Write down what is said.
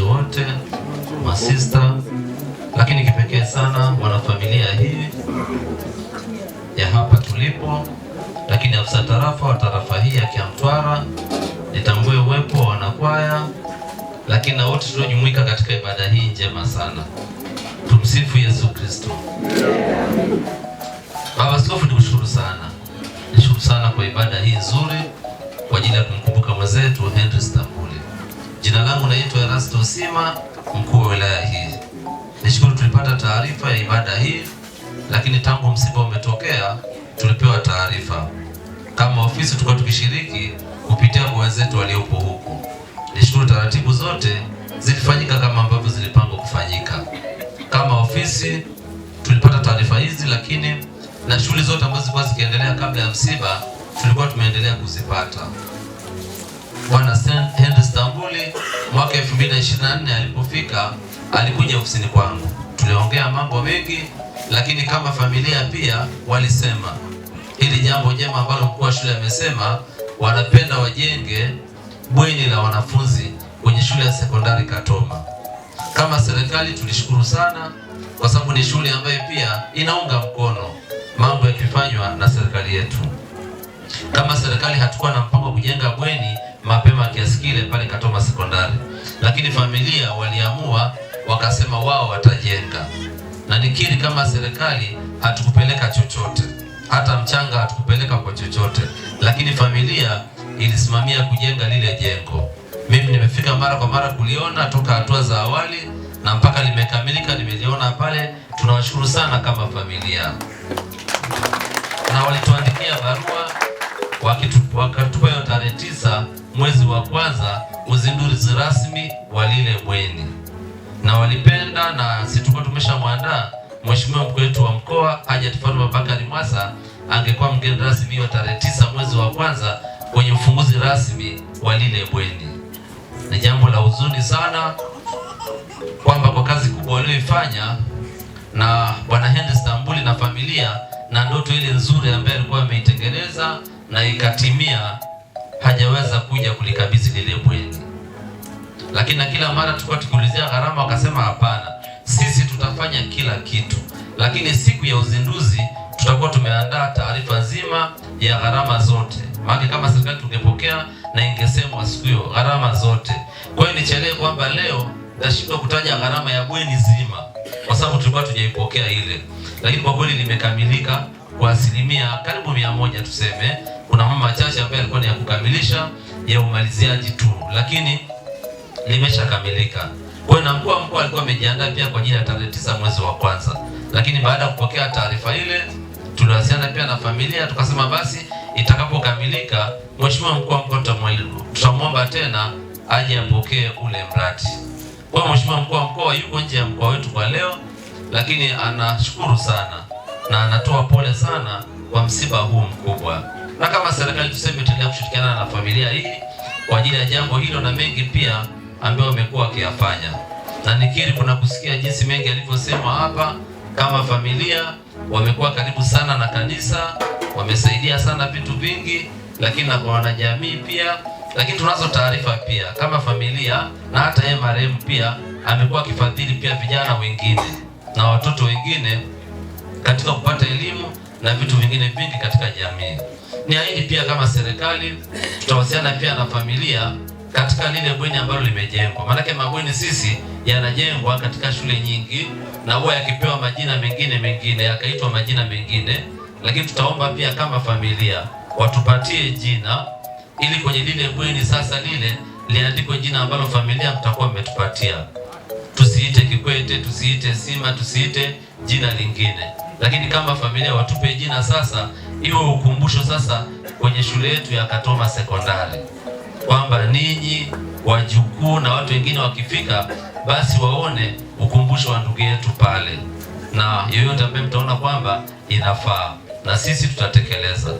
wachungaji wote, masista, lakini kipekee sana wanafamilia hii ya hapa tulipo, lakini afisa tarafa wa tarafa hii ya Kiamtwara, nitambue uwepo wa wanakwaya, lakini na wote tuliojumuika katika ibada hii njema sana. Tumsifu Yesu Kristo. Baba Askofu, nikushukuru sana, nishukuru sana kwa ibada hii nzuri kwa ajili ya kumkumbuka mwenzetu Henry Staff. Jina langu naitwa Erasto Sima, mkuu wa wilaya hii. Nishukuru tulipata taarifa ya ibada hii, lakini tangu msiba umetokea tulipewa taarifa kama ofisi, tulikuwa tukishiriki kupitia kwa zetu waliopo huku. Nishukuru taratibu zote zilifanyika kama ambavyo zilipangwa kufanyika. Kama ofisi tulipata taarifa hizi, lakini na shughuli zote ambazo zilikuwa zikiendelea kabla ya msiba tulikuwa tumeendelea kuzipata. Bwana mwaka 2024 alipofika, alikuja ofisini kwangu, tuliongea mambo mengi, lakini kama familia pia walisema hili jambo jema ambalo mkuu wa shule amesema wanapenda wajenge bweni la wanafunzi kwenye shule ya sekondari Katoma. Kama serikali tulishukuru sana, kwa sababu ni shule ambayo pia inaunga mkono mambo yakifanywa na serikali yetu. Kama serikali hatukuwa na mpango wa kujenga bweni Eskile pale Katoma Sekondari, lakini familia waliamua wakasema wao watajenga. Na nikiri kama serikali hatukupeleka chochote, hata mchanga hatukupeleka kwa chochote, lakini familia ilisimamia kujenga lile jengo. Mimi nimefika mara kwa mara kuliona toka hatua za awali na mpaka limekamilika, nimeliona pale. Tunawashukuru sana kama familia, na walituandikia barua wakitupa mwezi wa kwanza uzinduzi rasmi wa lile bweni, na walipenda na si tulikuwa tumeshamwandaa mheshimiwa mkuu wetu wa mkoa Hajat Fatuma Bakari Mwasa angekuwa mgeni rasmi hiyo tarehe tisa mwezi wa kwanza kwenye ufunguzi rasmi wa lile bweni. Ni jambo la huzuni sana kwamba kwa kazi kubwa walioifanya na bwana Hendi Stambuli na familia na ndoto ile nzuri ambayo alikuwa ameitengeneza na ikatimia hajaweza kuja kulikabidhi lile bweni, lakini na kila mara tulikuwa tukiulizia gharama, wakasema hapana, sisi tutafanya kila kitu, lakini siku ya uzinduzi tutakuwa tumeandaa taarifa nzima ya gharama zote, maana kama serikali tungepokea na ingesemwa siku hiyo gharama zote. Kwa hiyo nichelee kwamba leo nashindwa kutaja gharama ya bweni zima, kwa sababu tulikuwa tujaipokea ile, lakini kwa kweli limekamilika kwa asilimia karibu mia moja tuseme. Kuna mama wachache ambaye alikuwa ni ya kukamilisha ya umaliziaji tu, lakini limeshakamilika. Kwa hiyo na mkuu wa mkoa alikuwa amejiandaa pia kwa ajili ya tarehe tisa mwezi wa kwanza, lakini baada ya kupokea taarifa ile tuliwasiliana pia na familia tukasema, basi itakapokamilika, mheshimiwa mkuu wa mkoa tutamwomba tena aje apokee ule mradi. Kwa mheshimiwa mkuu wa mkoa yuko nje ya mkoa wetu kwa leo, lakini anashukuru sana na anatoa pole sana kwa msiba huu mkubwa, na kama serikali tuseme itaendelea kushirikiana na familia hii kwa ajili ya jambo hilo na mengi pia ambayo wamekuwa wakiyafanya, na nikiri kuna kusikia jinsi mengi alivyosema hapa. Kama familia wamekuwa karibu sana na kanisa, wamesaidia sana vitu vingi, lakini na kwa wanajamii pia lakini tunazo taarifa pia kama familia na hata yeye marehemu pia amekuwa akifadhili pia vijana wengine na watoto wengine katika kupata elimu na vitu vingine vingi katika jamii. Niahidi pia kama serikali tutawasiliana pia na familia katika lile bweni ambalo limejengwa, maanake mabweni sisi yanajengwa katika shule nyingi na huwa yakipewa majina mengine mengine yakaitwa majina mengine, lakini tutaomba pia kama familia watupatie jina ili kwenye lile bweni sasa lile liandikwe jina ambalo familia mtakuwa mmetupatia. Tusiite Kikwete, tusiite Sima, tusiite jina lingine lakini kama familia watupe jina sasa, iwe ukumbusho sasa kwenye shule yetu ya Katoma Sekondari kwamba ninyi wajukuu na watu wengine wakifika, basi waone ukumbusho wa ndugu yetu pale, na yoyote ambaye mtaona kwamba inafaa, na sisi tutatekeleza.